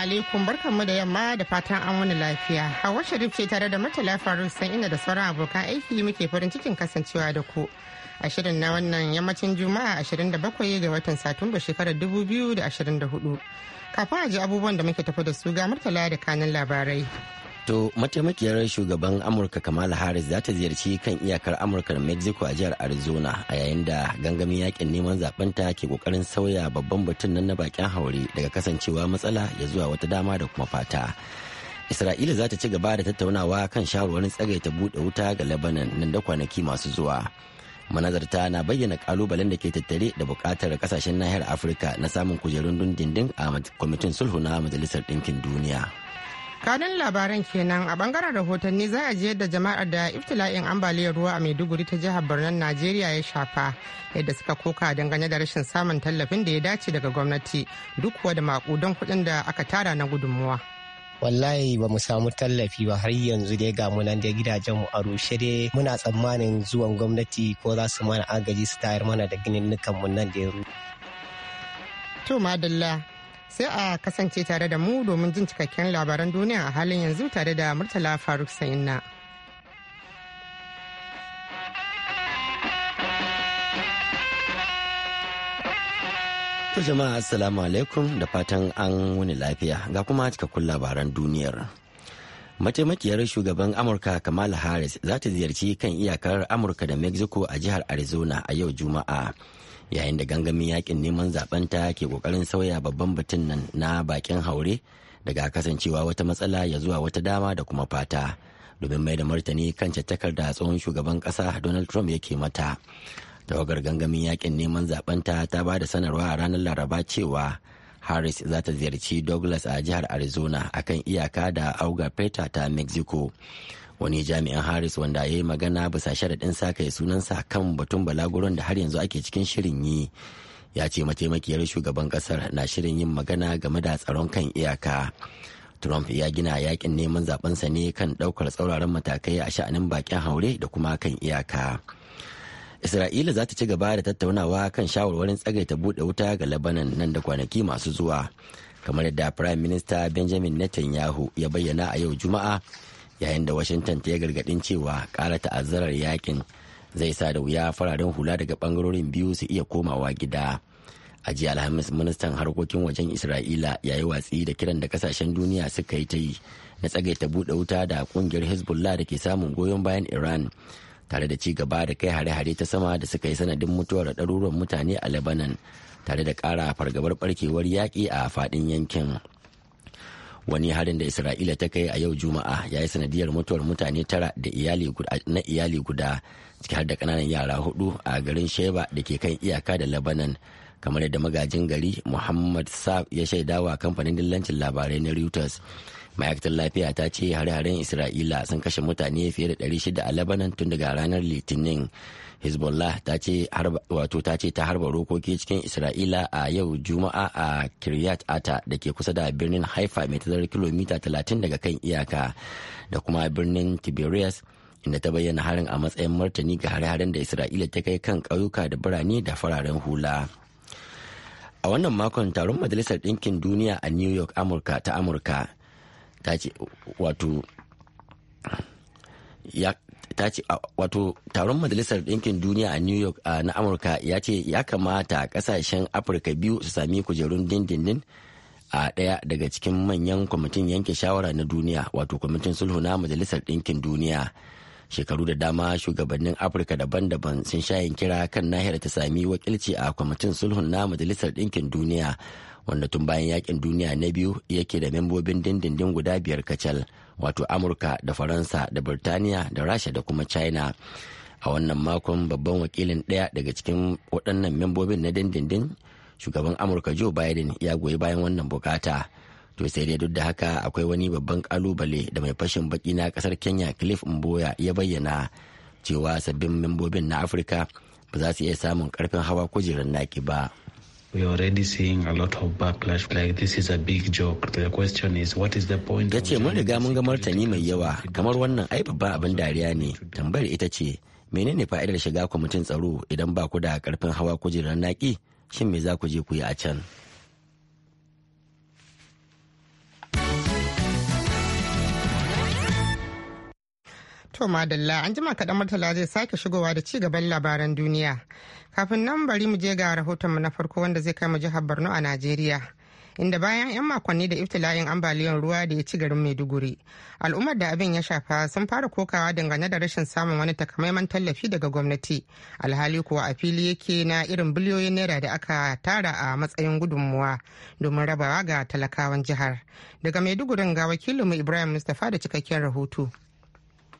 alaikum barkanmu da yamma da fatan an wani lafiya. Hawa Sharif ce tare da Murtala Faruk san ina da sauran abokan aiki muke farin cikin kasancewa da ku. A shirin na wannan yammacin Juma'a bakwai ga watan Satumba shekarar dubu biyu da da hudu Kafin a ji abubuwan da muke tafi da su ga Murtala da kanin labarai. To mataimakiyar shugaban Amurka Kamala Harris za ta ziyarci kan iyakar Amurka da Mexico a jihar Arizona a yayin da gangamin yakin neman zabenta ke kokarin sauya babban batun nan na bakin haure daga kasancewa matsala ya zuwa wata dama da kuma fata. Isra'ila za ta ci gaba da tattaunawa kan shawarwarin tsagaita buɗe wuta ga Lebanon nan da kwanaki masu zuwa. Manazarta na bayyana kalubalen da ke tattare da bukatar kasashen nahiyar Afirka na samun kujerun dindindin a kwamitin sulhu na Majalisar Ɗinkin Duniya. Kanun labaran kenan a bangaren rahotanni za a je yadda jama'ar da iftila'in ambaliyar ruwa a maiduguri ta jihar birnin najeriya ya shafa yadda suka koka dangane da rashin samun tallafin da ya dace daga gwamnati duk kuwa da makudan kuɗin da aka tara na gudunmuwa wallahi ba mu samu tallafi ba har yanzu dai ga munan da gidajen mu a rushe dai muna tsammanin zuwan gwamnati ko za su mana agaji su tayar mana da ginin mu nan da ya To madalla sai a kasance tare da mu domin jin cikakken labaran duniya a halin yanzu tare da murtala faruk sayinna. To jama'a assalamu alaikum da fatan an wuni lafiya ga kuma cikakkun labaran duniyar. Mataimakiyar shugaban Amurka Kamala Harris za ta ziyarci kan iyakar Amurka da Mexico a jihar Arizona a yau Juma'a yayin da gangamin yakin neman ta ke kokarin sauya babban batun nan na bakin haure daga kasancewa wata matsala ya zuwa wata dama da kuma fata domin mai da martani kan cacakar da tsohon shugaban kasa donald trump yake mata tawagar gangamin yakin neman ta ta ba da sanarwa a ranar laraba cewa harris za ta ziyarci douglas a jihar arizona akan iyaka da auga peta ta mexico wani jami'in harris wanda ya yi magana bisa sharaɗin sa kai sunansa kan batun balaguron da har yanzu ake cikin shirin yi ya ce mataimakiyar shugaban ƙasar na shirin yin magana game da tsaron kan iyaka trump ya gina yakin neman zabensa ne kan ɗaukar tsauraran matakai a sha'anin bakin haure da kuma kan iyaka isra'ila za ta ci gaba da tattaunawa kan shawarwarin tsagaita buɗe wuta ga labanan nan da kwanaki masu zuwa kamar yadda prime minister benjamin netanyahu ya bayyana a yau juma'a yayin da washington ta yi gargadin cewa kara ta'azzarar yakin zai sa da wuya fararen hula daga bangarorin biyu su iya komawa gida a jiya alhamis ministan harkokin wajen isra'ila ya yi watsi da kiran da kasashen duniya suka yi ta yi na tsagaita buɗe wuta da kungiyar hezbollah da ke samun goyon bayan iran tare da ci gaba da kai hare-hare ta sama da suka yi sanadin mutuwar ɗaruruwan mutane a lebanon tare da ƙara fargabar ɓarkewar yaƙi a faɗin yankin wani harin da isra'ila ta kai a yau juma'a ya yi sanadiyar mutuwar mutane tara da na iyali guda ciki har da kananan yara hudu a garin sheba da ke kan iyaka da labanan kamar yadda magajin gari muhammad sa ya shaidawa kamfanin dillancin labarai na reuters ma'aikatar lafiya ta ce hare-haren isra'ila sun kashe mutane fiye da 600 a labanan tun daga ranar litinin hezbollah ta ce ta ta harba rokoki cikin isra'ila a yau juma'a a kiryat ata da ke kusa da birnin haifa mai tazarar kilomita 30 daga kan iyaka da kuma birnin tiberias inda ta bayyana harin a matsayin martani ga hare-haren da isra'ila ta kai kan ƙauyuka da birane da fararen hula a wannan makon taron majalisar ɗinkin duniya a new york amurka ta amurka ta ce wato wato taron majalisar ɗinkin duniya a new york na amurka ya ce ya kamata ƙasashen afirka biyu su sami kujerun dindindin a ɗaya daga cikin manyan kwamitin yanke shawara na duniya wato kwamitin sulhu na majalisar ɗinkin duniya shekaru da dama shugabannin afirka daban-daban sun shayin kira kan nahiyar ta sami wakilci a kwamitin sulhun na majalisar ɗinkin duniya wanda tun bayan yakin duniya na biyu yake da membobin dindindin guda biyar kacal wato amurka da faransa da birtaniya da rasha da kuma china a wannan makon babban wakilin daya daga cikin waɗannan membobin na dindindin shugaban amurka joe biden ya goyi bayan wannan bukata to sai dai duk da haka akwai wani babban kalubale da mai fashin baki na kasar kenya cliff mboya ya bayyana cewa sabbin membobin na afirka ba za su iya samun karfin hawa kujerar naki ba we are already seeing a lot of backlash like this is a big joke the question is what is the point yace mun riga mun ga martani mai yawa kamar wannan ai babban abin dariya ne tambayar ita ce menene fa'idar shiga kwamitin tsaro idan ba ku da karfin hawa kujerar naki shin me za ku je ku yi a can To madalla an jima kaɗan martala zai sake shigowa da ci gaban labaran duniya. Kafin nan bari mu je ga rahotonmu na farko wanda zai kai mu jihar Borno a Najeriya. Inda bayan 'yan makonni da iftila'in ambaliyar ruwa da ya ci garin Maiduguri, al'ummar da abin ya shafa sun fara kokawa dangane da rashin samun wani takamaiman tallafi daga gwamnati. Alhali kuwa a fili yake na irin biliyoyin naira da aka tara a matsayin gudunmuwa domin rabawa ga talakawan jihar. Daga maidugurin ga wakilinmu Ibrahim Mustapha da cikakken rahoto.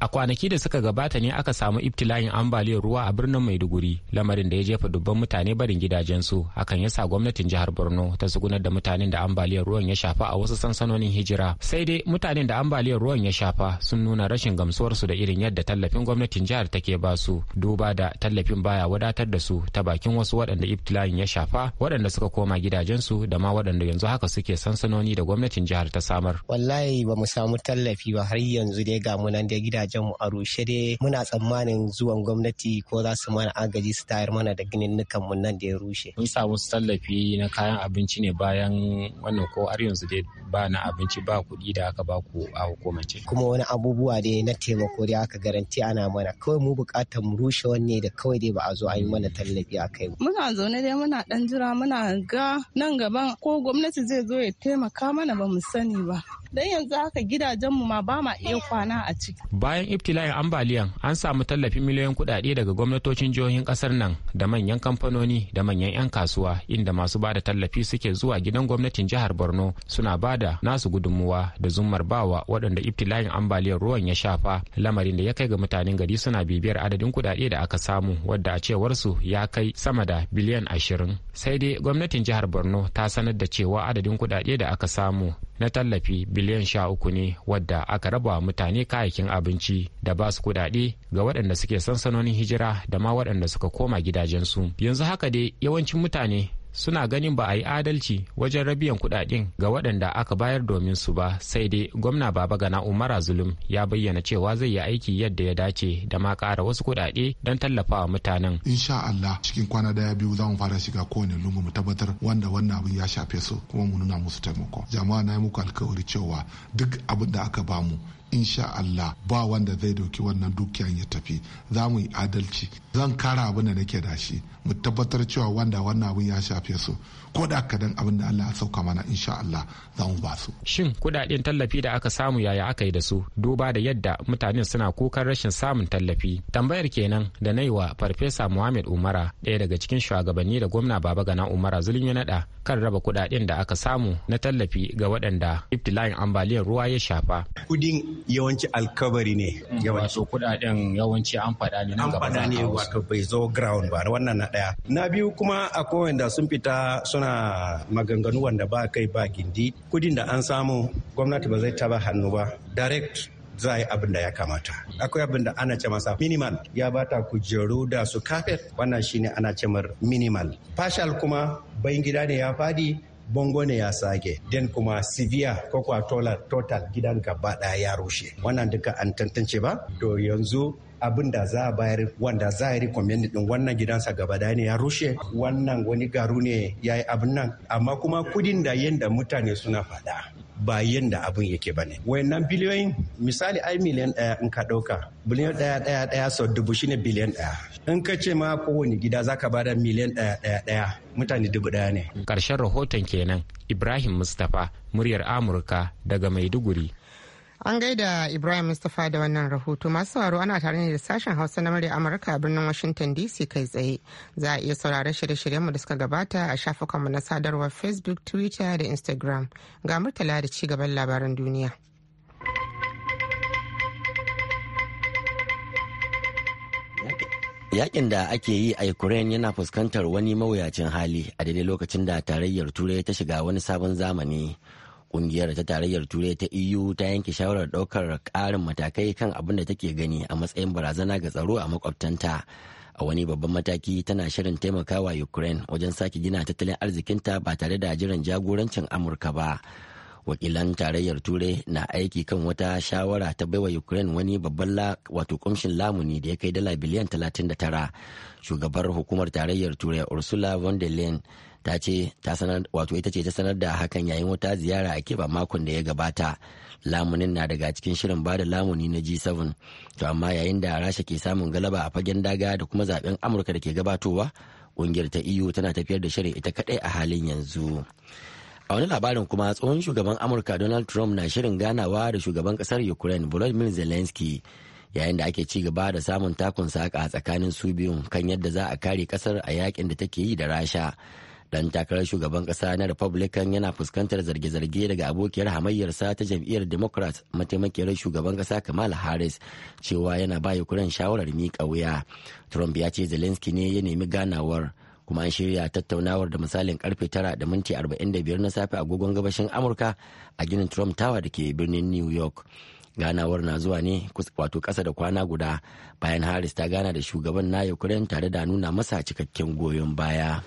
a kwanaki da suka gabata ne aka samu ibtila'in ambaliyar ruwa a birnin maiduguri lamarin da ya jefa dubban mutane barin gidajensu hakan ya sa gwamnatin jihar borno ta sugunar da mutanen da ambaliyar ruwan ya shafa a wasu sansanonin hijira sai dai mutanen da ambaliyar ruwan ya shafa sun nuna rashin gamsuwarsu da irin yadda tallafin gwamnatin jihar take ba su duba da tallafin baya wadatar da su ta bakin wasu waɗanda ibtila'in ya shafa waɗanda suka koma gidajensu da ma waɗanda yanzu haka suke sansanoni da gwamnatin jihar ta samar wallahi ba mu samu tallafi ba har yanzu dai ga mu da gidajen. gidajen mu a rushe dai muna tsammanin zuwan gwamnati ko za su mana agaji su tayar mana da nukan mu nan da ya rushe. Mun samu tallafi na kayan abinci ne bayan wannan ko har yanzu dai ba na abinci ba kuɗi da aka ba ku a hukumance. Kuma wani abubuwa dai na taimako dai aka garanti ana mana kawai mu buƙatar mu rushe wanne da kawai dai ba a zo a yi mana tallafi a kai. Muna zaune dai muna ɗan jira muna ga nan gaban ko gwamnati zai zo ya taimaka mana ba mu sani ba. Dan yanzu haka gidajenmu ma ba ma iya kwana a ciki. Bayan iftila'in ambaliyan an samu tallafin miliyoyin kuɗaɗe daga gwamnatocin jihohin kasar nan da manyan kamfanoni da manyan 'yan kasuwa inda masu ba da tallafi suke zuwa gidan gwamnatin jihar Borno suna ba da nasu gudunmuwa da zummar bawa waɗanda iftila'in ambaliyan ruwan ya shafa lamarin da ya kai ga mutanen gari suna bibiyar adadin kuɗaɗe da aka samu wadda a cewarsu ya kai sama da biliyan ashirin sai dai gwamnatin jihar Borno ta sanar da cewa adadin kuɗaɗe da aka samu na tallafi biliyan sha uku ne wadda aka raba mutane kayayyakin abinci da ba su kuɗaɗe ga waɗanda suke sansanonin hijira da ma waɗanda suka koma gidajensu yanzu haka dai yawancin mutane suna ganin ba a yi adalci wajen rabiyan kudaden ga waɗanda aka bayar domin su ba sai dai gwamna baba gana umara zulum ya bayyana cewa zai yi aiki yadda ya dace da ma kara wasu kudade don tallafawa mutanen insha Allah cikin kwana daya biyu zamu fara shiga kowane lungu mu tabbatar wanda wannan abin ya shafe su kuma mu nuna musu taimako jama'a na yi muku alkawari cewa duk abin da aka bamu insha Allah ba wanda zai doki wannan dukiyan ya tafi za mu yi adalci zan kara abin da nake da shi mu tabbatar cewa wanda wannan abin ya shafe su ko da kadan abin da Allah ya sauka mana insha Allah za mu ba su shin kudaden tallafi da aka samu yaya aka yi da su duba da yadda mutanen suna kukan rashin samun tallafi tambayar kenan da na yi wa farfesa Muhammad Umara ɗaya daga cikin shugabanni da gwamna Baba Gana Umara zulmi naɗa kan raba kudaden da aka samu na tallafi ga waɗanda iftilayin ambaliyar ruwa ya shafa. Kudin yawanci alkabari ne. Mm, wato kudaden yawanci an faɗa ne na gaba. ne wato bai zo ground ba wannan na ɗaya. Na biyu kuma a akwai da sun fita suna maganganu wanda ba kai ba gindi. Kudin da an samu gwamnati ba zai taba hannu ba. Direct za a yi abin da ya kamata akwai abin da ana ce masa minimal ya bata kujeru da su kafet wannan shine ana ce minimal partial kuma bayan gida ne ya fadi bongo ne ya sage den kuma severe ko kuwa total gidan gaba ya rushe wannan duka an tantance ba to yanzu abin da za a bayar wanda za a yi recommend din wannan gidansa gaba da ne ya rushe wannan wani garu ne ya yi abin nan amma kuma kudin da yadda mutane suna faɗa ba yadda abin yake bane wayannan biliyoyin misali ai miliyan daya in ka dauka biliyan daya daya daya sau dubu shine biliyan daya in ka ce ma kowane gida za zaka bada miliyan daya daya daya mutane dubu daya ne karshen rahoton kenan ibrahim mustapha muryar amurka daga maiduguri An gaida Ibrahim Mustapha da wannan rahoto masu sauraro ana tare ne da sashen Hausa na murya Amurka a birnin Washington DC kai tsaye. Za a iya saurare shirye-shiryenmu da suka gabata a shafukanmu na sadarwar Facebook, Twitter da Instagram. Ga Murtala da ci gaban labaran duniya. Yakin da ake yi a Ukraine yana fuskantar wani mawuyacin hali a daidai lokacin da tarayyar Turai ta shiga wani sabon zamani. Ƙungiyar ta tarayyar Turai ta EU ta yanke shawarar ɗaukar ƙarin matakai kan abin da take gani a matsayin barazana ga tsaro a makwabtanta. A wani babban mataki tana shirin taimakawa Ukraine wajen sake gina tattalin arzikinta ba tare da jiran jagorancin Amurka ba. Wakilan tarayyar Turai na aiki kan wata shawara ta baiwa Ukraine wani babban wato kumshin lamuni da ya kai dala biliyan 39. Shugabar hukumar tarayyar Turai Ursula von der Leyen ta ce ta sanar wato ita ce ta sanar da hakan yayin wata ziyara a keba makon da ya gabata lamunin na daga cikin shirin bada lamuni na G7 to amma yayin da Rasha ke samun galaba a fagen daga da kuma zaben Amurka da ke gabatowa ƙungiyar ta EU tana tafiyar da shirin ita kadai a halin yanzu a wani labarin kuma tsohon shugaban Amurka Donald Trump na shirin ganawa da shugaban kasar Ukraine Volodymyr Zelensky yayin da ake ci gaba da samun takun saka a tsakanin su biyun kan yadda za a kare kasar a yakin da take yi da Rasha dan takarar shugaban kasa na republican yana fuskantar zarge-zarge daga abokiyar hamayyarsa ta jam'iyyar democrat mataimakiyar shugaban kasa kamala harris cewa yana ba ukraine shawarar miƙa wuya trump ya ce zelensky ne ya nemi ganawar kuma an shirya tattaunawar da misalin karfe 9 da minti 45 na safe agogon gabashin amurka a ginin trump tower da ke birnin new york ganawar na zuwa ne wato kasa da kwana guda bayan harris ta gana da shugaban na ukraine tare da nuna masa cikakken goyon baya.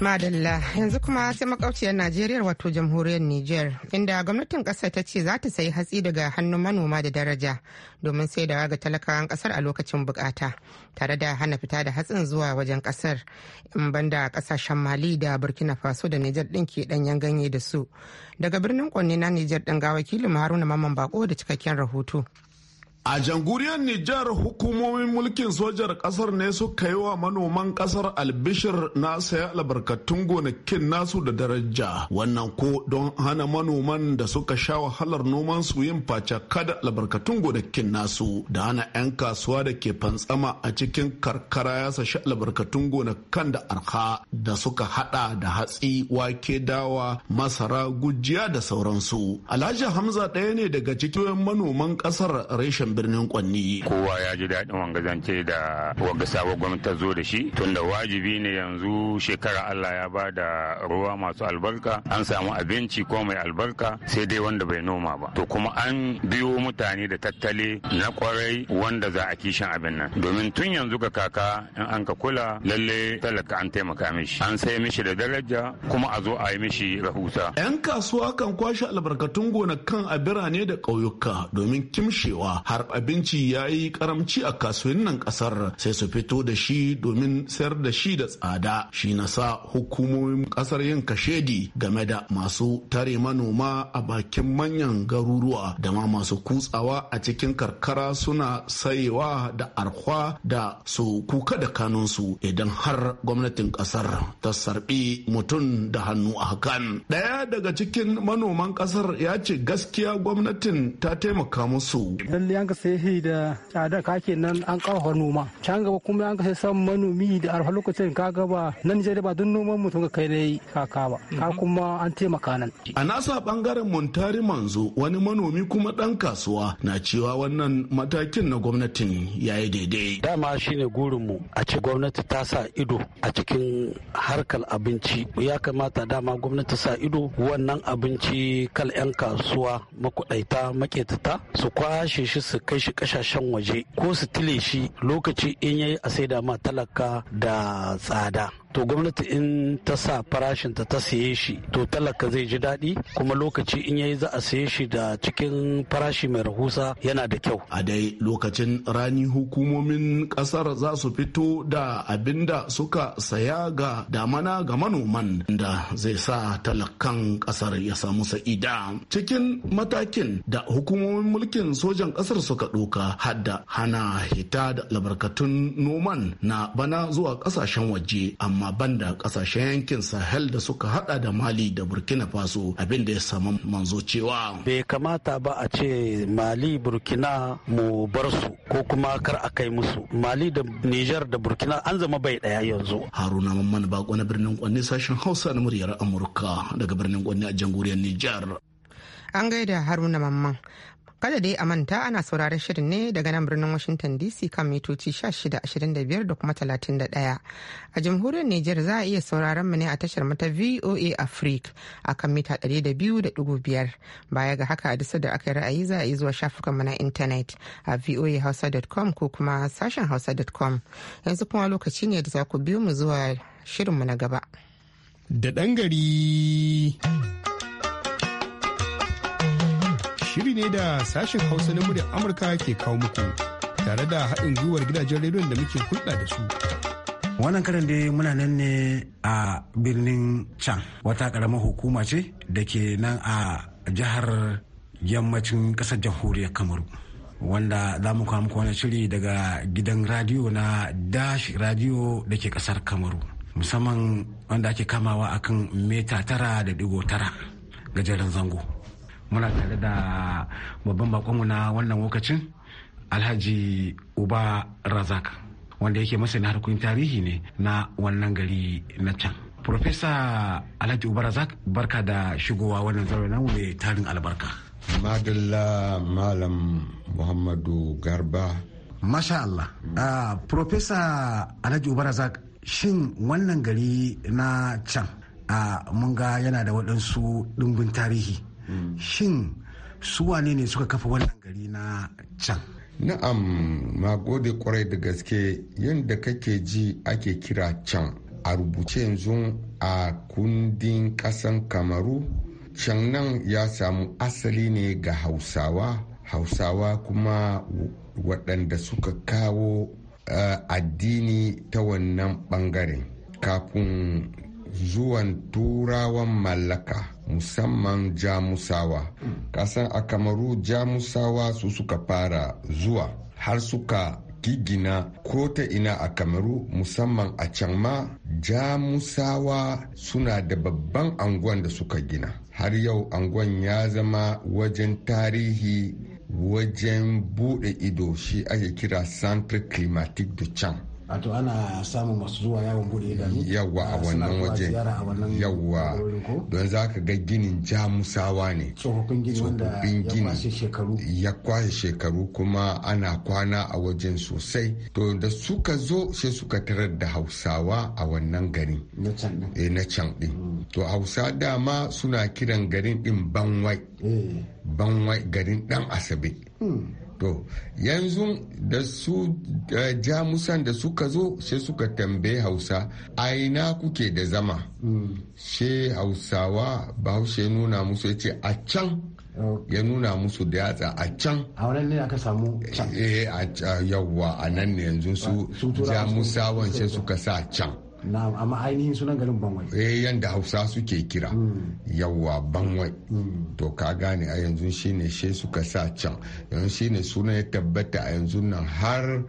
Madalla yanzu kuma sai makauciyar Najeriya wato jamhuriyar Niger inda gwamnatin kasar ta ce za ta sayi hatsi daga hannun manoma da daraja domin da ga talakawan kasar a lokacin bukata tare da hana fita da hatsin zuwa wajen kasar in banda kasashen Mali da Burkina Faso da Niger din ke danyen ganye da su. Daga birnin Kwanne na Nijar din ga wakilin Haruna Mamman Bako da cikakken rahoto. A janguriyar Nijar hukumomin mulkin sojar kasar ne suka yi wa manoman kasar albishir na saya albarkatun gonakin nasu da daraja. Wannan ko don hana manoman da suka sha wahalar noman su yin face da albarkatun gonakin nasu da hana 'yan kasuwa da ke fantsama a cikin karkara ya sashi albarkatun gonakan da arha da suka hada da hatsi wake dawa masara gujiya da sauransu. Alhaji Hamza ɗaya ne daga cikin manoman kasar reshen birnin Kwanni. Kowa ya ji daɗin wanga zance da wanga sabon gwamnati ta zo da shi tunda wajibi ne yanzu shekara Allah ya ba da ruwa masu albarka an samu abinci ko mai albarka sai dai wanda bai noma ba. To kuma an biyo mutane da tattale na kwarai wanda za a kishin abin nan. Domin tun yanzu ga kaka in an ka kula lalle talaka an taimaka mishi. An sai mishi da daraja kuma a zo a yi mishi rahusa. 'Yan kasuwa kan kwashe albarkatun gonakan a birane da ƙauyuka domin kimshewa har abinci ya yi karamci a kasuwannin kasar sai su fito da shi domin sayar da shi da tsada shi na sa hukumomin kasar yin kashedi game da masu tare manoma a bakin manyan garuruwa da ma masu kutsawa a cikin karkara suna sayewa da arhwa da su kuka da kanunsu idan har gwamnatin kasar ta sarbi mutum da hannu a hakan daya daga cikin manoman kasar ya ce gaskiya gwamnatin ta taimaka musu an ka sai da tsada ke nan an kawo noma can gaba kuma an ka sai san manomi da arfa lokacin ka gaba nan nijeriya ba duk noman mutum ka kai yi kaka ba ka mhm. kuma an taimaka nan. a nasa bangaren montari manzo wani manomi kuma dan kasuwa na cewa wannan matakin na gwamnatin ya yi daidai. dama shine gurinmu a ce gwamnati ta sa ido a cikin harkar abinci ya kamata dama gwamnati sa ido wannan abinci kal 'yan kasuwa makudaita maketata su kwashe shi su su kai shi kasashen waje ko su tile shi lokaci in yayi a saida ma talaka da tsada to gwamnati in ta sa farashin ta ta siye shi to talaka zai ji daɗi kuma lokaci in yayi za a siye shi da cikin farashi mai rahusa yana da kyau a dai lokacin rani hukumomin ƙasar za su fito da abin da suka saya ga damana ga manoman da zai sa talakan ƙasar ya samu sa'ida cikin matakin da hukumomin mulkin sojan ƙasar suka ɗoka hadda hana hita da albarkatun noman na bana zuwa ƙasashen waje amma amma banda kasashen yankin sahel da suka hada da mali da burkina faso abin da ya samu manzo cewa bai kamata ba a ce mali burkina mu bar su ko kuma kar a kai musu mali da niger da burkina an zama bai daya yanzu haruna mamman bako na birnin kwanne sashen hausa na muryar amurka daga birnin kwanne a jamhuriyar niger an gaida haruna mamman Kada dai a manta ana sauraron shirin ne daga nan birnin Washington DC kan mitoci 1625 da kuma 31. A jamhuriyar Nijar za a iya sauraron mu ne a tashar mata VOA Africa a kan mita 200.5. Baya ga haka a disa da aka ra'ayi za a yi zuwa shafukan mu na intanet a voahausa.com ko kuma sashen hausa.com. Yanzu kuma lokaci ne da za ku biyo mu zuwa shirin mu na gaba. Da ɗan gari. shiri ne da sashen hausa na muryar amurka ke kawo muku tare da haɗin gwiwar gidajen rediyon da muke hulɗa da su wannan karan dai muna nan ne a birnin can wata karamar hukuma ce da ke nan a jihar yammacin ƙasar jamhuriyar kamaru wanda za mu kawo muku wani shiri daga gidan radiyo na dash radiyo da ke ƙasar kamaru musamman wanda ake kamawa akan meta tara da digo tara ga gajeren zango muna tare da babban bakonmu na wannan lokacin alhaji uba razak wanda yake masani harkokin tarihi ne na wannan gari na can Profesa Alhaji Uba Razak barka da shigowa wannan zaure mai tarin albarka. Madalla Malam Muhammadu Garba. Masha Allah. Uh, mm. ah, Profesa Alhaji Uba Razak shin wannan gari na can uh, mun ga yana da waɗansu ɗumbin tarihi shin su wane ne suka kafa wannan gari na can na'am magode gode kwarai da gaske yadda kake ji ake kira can a rubuce yanzu a kundin kasan kamaru can nan ya samu asali ne ga hausawa hausawa kuma waɗanda suka kawo uh, addini ta wannan ɓangaren kafin zuwan turawan mallaka musamman jamusawa kasan a kamaru jamusawa su suka fara zuwa har suka gigina ko ta ina a kamaru musamman a can ma jamusawa suna da babban angon da suka gina har yau angon ya zama wajen tarihi wajen bude ido shi ake kira centre climatique de can wato ana samun masu zuwa yawon bude idanu yawa a wannan waje yawa don za ka ga ginin jamusawa ne tsofaffin gini wanda ya kwashe shekaru ya kwashe shekaru kuma ana kwana a wajen sosai to da suka zo sai suka tarar da hausawa a wannan gari na can din eh, mm. to hausa dama suna kiran garin din banwai eh. banwai garin dan asabe mm. to yanzu da su eh, jamusan da suka zo sai suka tambaye hausa aina kuke da zama mm. she hausawa bahaushe nuna musu ya ce a can ya nuna musu da yatsa a can a wannan ne aka samu can eh a yawwa a nan ne yanzu su jamusawan sai suka sa can amma ainihin sunan garin banwai eh yanda hausa suke kira hmm. yawa banwai hmm. to ka gane a yanzu shine she suka sa can yanzu shine sunan ya tabbata a yanzu nan har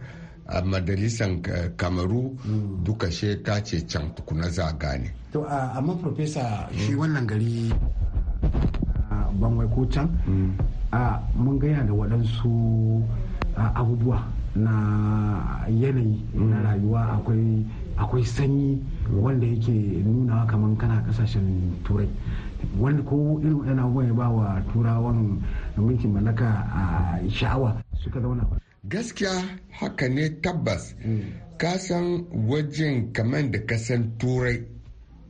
a majalisar eh, kamaru hmm. duka she ka ce can tukuna za a gane to amma profesa shi wannan gari banwai ko can mun gaya da waɗansu abubuwa na yanayi na rayuwa akwai akwai sanyi wanda yake nuna kamar kana kasashen turai wani ko irin yana ya ba wa turawan mulkin mallaka a sha'awa suka zauna gaskiya haka ne tabbas hmm. kasan wajen kamar da kasan turai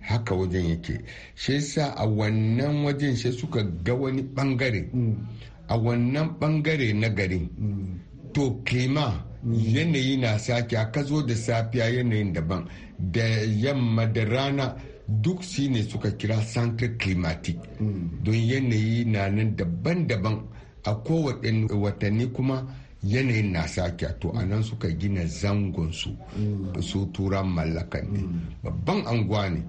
haka wajen yake shi sa a wannan wajen shi suka ga wani bangare hmm. a wannan bangare na garin hmm. to kima Mm. yanayi na sake ka zo da safiya yanayin daban da yamma da rana duk shi ne suka kira centre climatique. Mm. don yanayi na nan daban-daban a kowane watanni kuma yanayin na sake to a nan suka gina zangonsu mm. su turan mallaka ne babban anguwa ne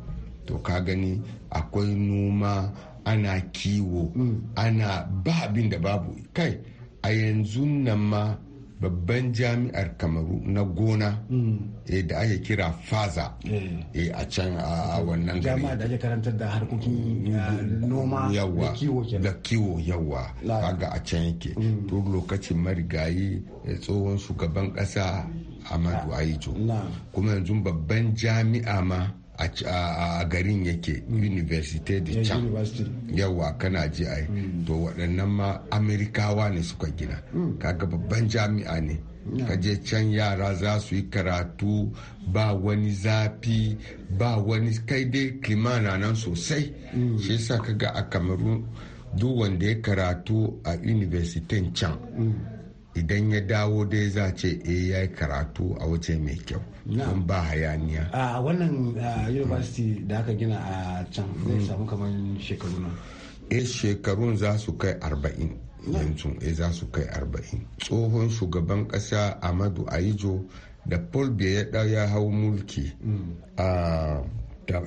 to ka gani akwai noma ana kiwo ana ba abin da babu kai a yanzu nan ma babban jami'ar kamaru na gona mm. eh, da ake kira faza eh. Eh, a can a wannan gari jami'ar da ake karantar da harkokin mm, noma da kiwo da kiwo yawa kaga a can yake mm. to lokacin marigayi tsohon shugaban kasa amadu aijo ah. kuma yanzu babban jami'a ma a garin yake university da can yawa kana ji ai mm. to waɗannan ma amerikawa ne suka gina mm. kaga babban jami'a ne ka je can yara za su yi karatu ba wani zafi ba wani kai dai kimana nan sosai mm. shi yasa kaga a kamarun duk wanda ya karatu a universitin can idan ya dawo dai za ce e ya yi karatu a waje mai kyau don ba hayaniya a wannan university da aka gina a can zai mm. samu kamar shekaru na e eh, shekarun za su kai arba'in yanzu e za su kai arba'in tsohon shugaban kasa amadu aijo da paul biya ya hau mulki mm. a da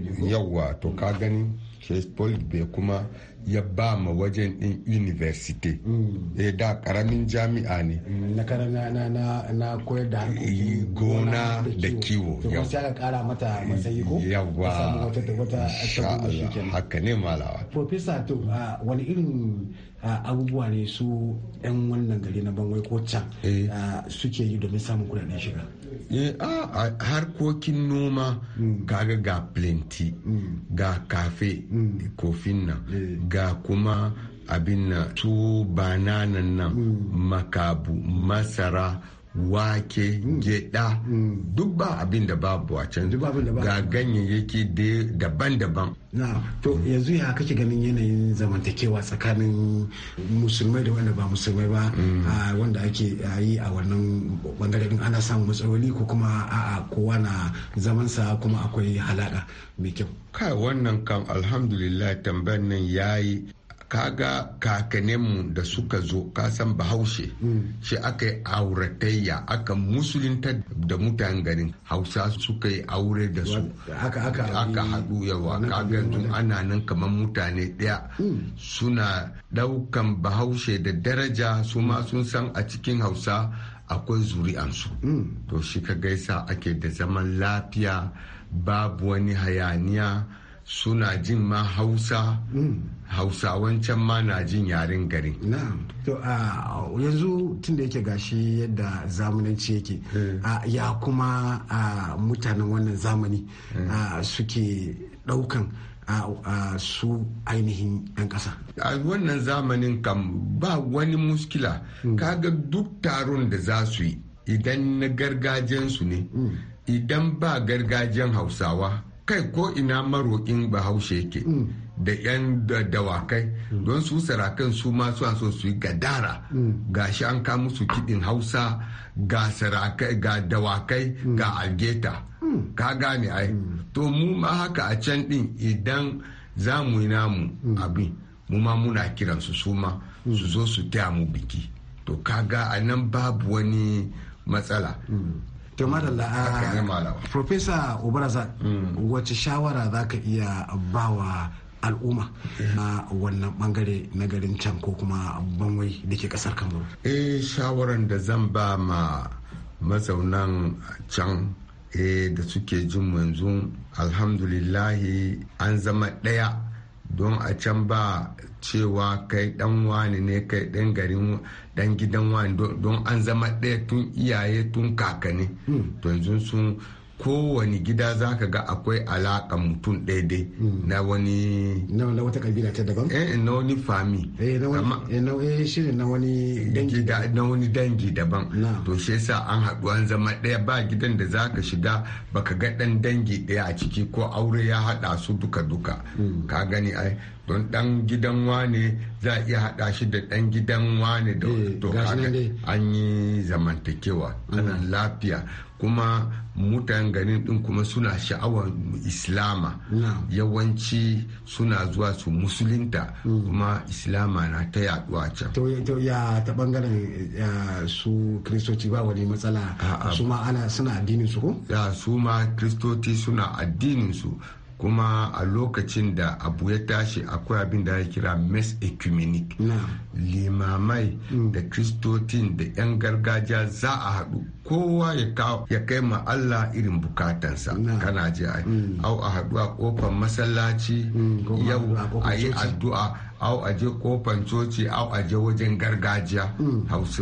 biyu. yawwa to ka gani Hezbollah bai kuma ya ba ma wajen din university mm. eh da karamin jami'a ne mm, na koyar da harkoki eh, gona da kiwo ya sai aka kara mata eh, matsayi ko yawa haka ne malawa professor to ah, wani irin ah, abubuwa ne su yan wannan gari na banwai ko can eh. ah, suke yi domin samun kudaden shiga Eh, a harkokin noma mm. kaga ga plenty mm. ga kafe mm. kofin nan eh. ga kuma abin na su bananan nan makabu masara wake gyaɗa duk ba abin da babu a can ga ganyayyaki daban-daban to yanzu ya kake ganin yanayin zamantakewa tsakanin musulmai da wanda ba musulmai ba mm. wanda ake yi a wannan bangaren ana samun matsaloli ko kuma a kowa na zamansa kuma akwai halaɗa mai kyau kai wannan kan alhamdulillah tambayar nan ya yi. kaga kakaninmu da suka zo kasan bahaushe mm. shi aka yi auratayya aka musulunta da mutan ganin. hausa suka yi aure da su aka haɗu yawa kaga ana nan kamar mutane ɗaya mm. suna ɗaukan bahaushe da daraja su ma mm. sun san a cikin hausa akwai zuri'ansu to shi ka gaisa ake da zaman lafiya babu wani hayaniya suna jin ma hausa hmm. hausawan can ma na jin yaren gari to a yanzu tun da yake gashi yadda zamananci yake hmm. ya kuma mutanen wannan zamani hmm. suke daukan su ainihin 'yan ƙasa. a wannan zamanin kan ba wani muskila kaga duk taron da za su yi idan na gargajensu ne idan ba gargajen hausawa kai ko ina maroƙin bahaushe yake mm. da 'yan dawakai mm. don su sarakan su ma su so su yi gadara mm. ga shi an kama musu kiɗin hausa ga dawakai ga algeta ka gane ai to mu ma haka a can ɗin idan za mu yi namu abin mu ma muna kiransu su ma su zo su taya mu biki to kaga a nan babu wani matsala to da a ah, professor mm. wace shawara za ka iya bawa al'umma eh. na wannan bangare na garin can ko kuma banwai da ke kasar kamaru eh shawaran da zan ba ma mazaunan can eh da suke jin yanzu alhamdulillahi an zama ɗaya don a can ba cewa kai dan wani ne kai dan garin dan gidan wani don an zama ɗaya tun iyaye tun kakanni hmm. to yanzu sun kowane gida za ka ga akwai alaƙa mutum ɗaya hmm. na wani na wata kabila ta daban eh na wani fami eh na wani eh, eh, dangi na wani dangi daban to shi yasa an haɗu an zama ɗaya ba gidan da za ka shiga baka ga ɗan dangi ɗaya a ciki ko aure ya haɗa su duka duka hmm. ka gani ai don ɗan gidan wane za a iya haɗa shi da ɗan gidan wane da eh, to an yi zamantakewa ana hmm. lafiya kuma mutanen garin din kuma suna sha'awar islama yawanci suna zuwa su musulinta. Mm. kuma islama na ta yaduwa can to ya ta bangaren su kristoci ba wani matsala su ma ana suna addinin su ko ya su ma kristoci suna addinin su kuma a lokacin da abu ya tashi akwai abin da ya kira mes ecumenic limamai mm. da kristotin da 'yan gargajiya za a haɗu kowa ya kai ma Allah irin bukatansa kana ji a mm. au a haɗu a kofar masallaci mm, yau a yi addu'a au a je kofar coci au a je wajen gargajiya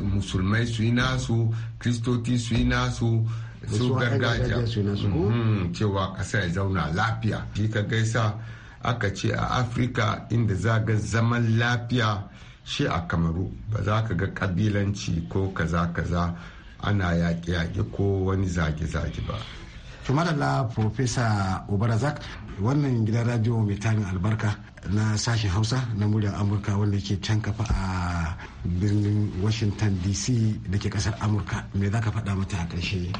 musulmai su yi nasu kristoti su yi nasu su gargajiya mm-hmm. cewa ƙasa ya zauna lafiya shi ka gaisa aka ce a afirka inda za ga zaman lafiya shi a kamaru ba za ka ga kabilanci ko kaza kaza ana yaƙe-yaƙe ko wani zage-zage ba to madalla profesa obarazak wannan gidan radio mai tarin albarka na sashen hausa na muryar amurka wanda ke can kafa a birnin washington dc da ke kasar amurka me za ka faɗa mata a ƙarshe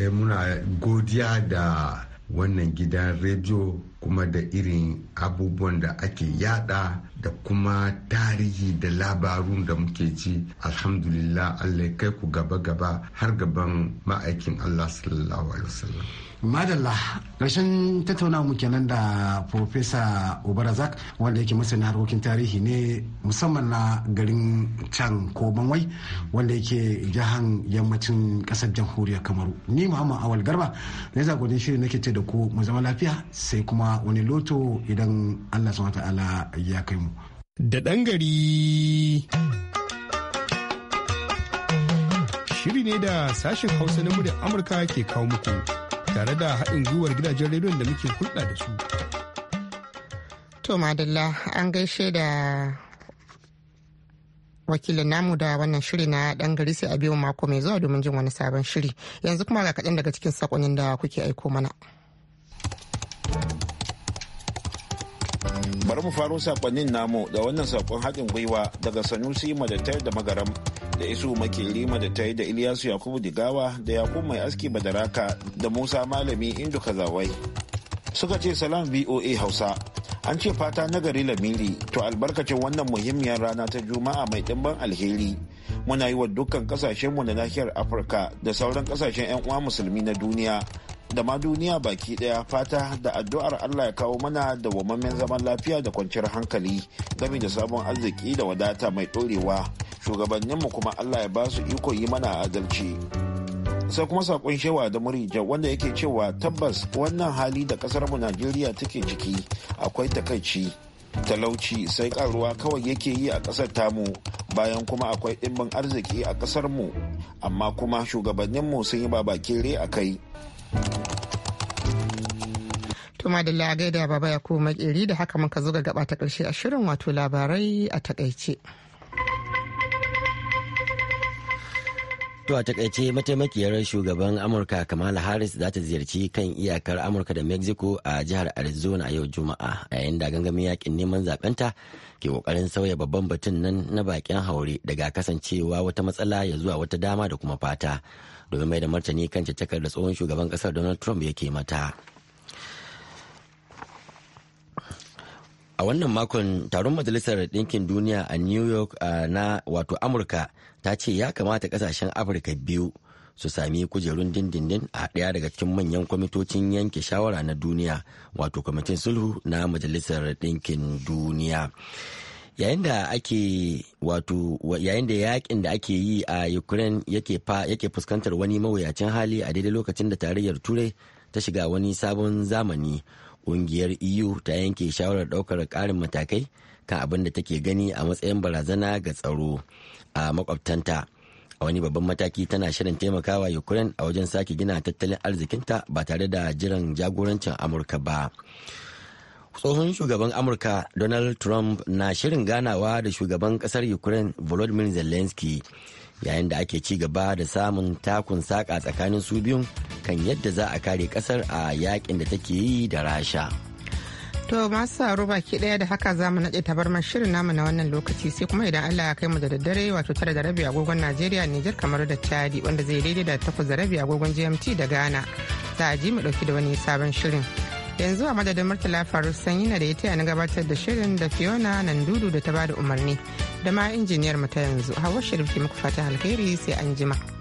eh, muna godiya da wannan gidan rediyo kuma da irin abubuwan da ake yada da kuma tarihi da labarun da muke ci alhamdulillah allah kai ku gaba-gaba har gaban ma'aikin allah sallallahu alaihi wasallam madalla ƙarshen tattauna mu kenan da profesa obarazak wanda yake masana harkokin tarihi ne musamman na garin can ko banwai wanda yake jahan yammacin ƙasar jamhuriyar kamaru ni muhammad awal garba za shiri shirin nake ce da ku mu zama lafiya sai kuma wani loto idan allah subhanahu ta'ala ya kai mu da ɗan gari shiri ne da sashen hausa na muryar amurka ke kawo muku tare da haɗin gwiwar gidajen rediyon da muke hulɗa da su. To Madalla an gaishe da wakilin namu da wannan shiri na ɗan gari sai a biyu mako mai zuwa domin jin wani sabon shiri yanzu kuma ga kaɗan daga cikin saƙonin da kuke aiko mana. Bari mu faro saƙonnin namu da wannan saƙon haɗin gwiwa daga Sanusi Madatar da Magaram da isu lima da ta yi da ilyasu yakubu digawa da yakubu mai aski badaraka da musa malami indu kazawai suka ce salam voa hausa an ce fata na gari lamiri to albarkacin wannan muhimmiyar rana ta juma'a mai dimban alheri muna yi wa dukkan kasashenmu na nahiyar afirka da sauran kasashen 'yan uwa musulmi na duniya da ma duniya baki daya fata da addu'ar allah ya kawo mana da wamammen zaman lafiya da kwanciyar hankali game da sabon arziki da wadata mai ɗorewa shugabanninmu kuma allah ya ba su iko yi mana adalci sai kuma sakon shewa da murija wanda yake cewa tabbas wannan hali da kasar mu najeriya take ciki akwai takaici talauci sai karuwa kawai yake yi a kasar tamu bayan kuma akwai dimbin arziki a kasar mu amma kuma shugabannin mu sun yi babakere a kai tuma da lagai da baba ya kuma makeri da haka muka zuga gaba ta karshe a shirin wato labarai a takaice. To a takaice mataimakiyar shugaban Amurka Kamala Harris za ta ziyarci kan iyakar Amurka da Mexico a jihar Arizona a yau Juma'a yayin da gangamin yakin neman zabenta ke kokarin sauya babban batun nan na bakin haure daga kasancewa wata matsala ya zuwa wata dama da kuma fata domin mai da martani kan cakar da tsohon shugaban ƙasar Donald Trump yake mata. a wannan makon taron majalisar ɗinkin duniya a new york na wato amurka ta ce ya kamata ƙasashen afirka biyu su sami kujerun dindindin a ɗaya daga cikin manyan kwamitocin yanke shawara na duniya wato kwamitin sulhu na majalisar ɗinkin duniya yayin da ake wato yayin da yakin da ake yi a ukraine yake yake fuskantar wani mawuyacin hali a daidai lokacin da tarayyar turai ta shiga wani sabon zamani ƙungiyar eu ta yanke shawarar ɗaukar ƙarin matakai kan abin da take gani a matsayin barazana ga tsaro a makwabtanta a wani babban mataki tana shirin taimakawa ukraine a wajen sake gina tattalin arzikinta ba tare da jiran jagorancin amurka ba tsohon shugaban amurka donald trump na shirin ganawa da shugaban kasar ukraine volodymyr zelensky yayin da ake ci gaba da samun takun saƙa tsakanin su biyun kan yadda za a kare kasar a yakin da take yi da rasha. To masu saro baki ɗaya da haka za mu naɗe tabarmar shirin namu na wannan lokaci sai kuma idan Allah ya kai mu da daddare wato tara da rabi agogon Najeriya Nijar kamar da Chadi wanda zai daidai da takwas da rabi agogon GMT da Ghana. Za a ji mu ɗauki da wani sabon shirin. Yanzu a madadin Murtala Faru Sanyi na da ya taya na gabatar da shirin da Fiona Nandudu da ta bada umarni. da ma injiniyar mu ta yanzu hawa shirif ke muku fatan alheri sai an jima.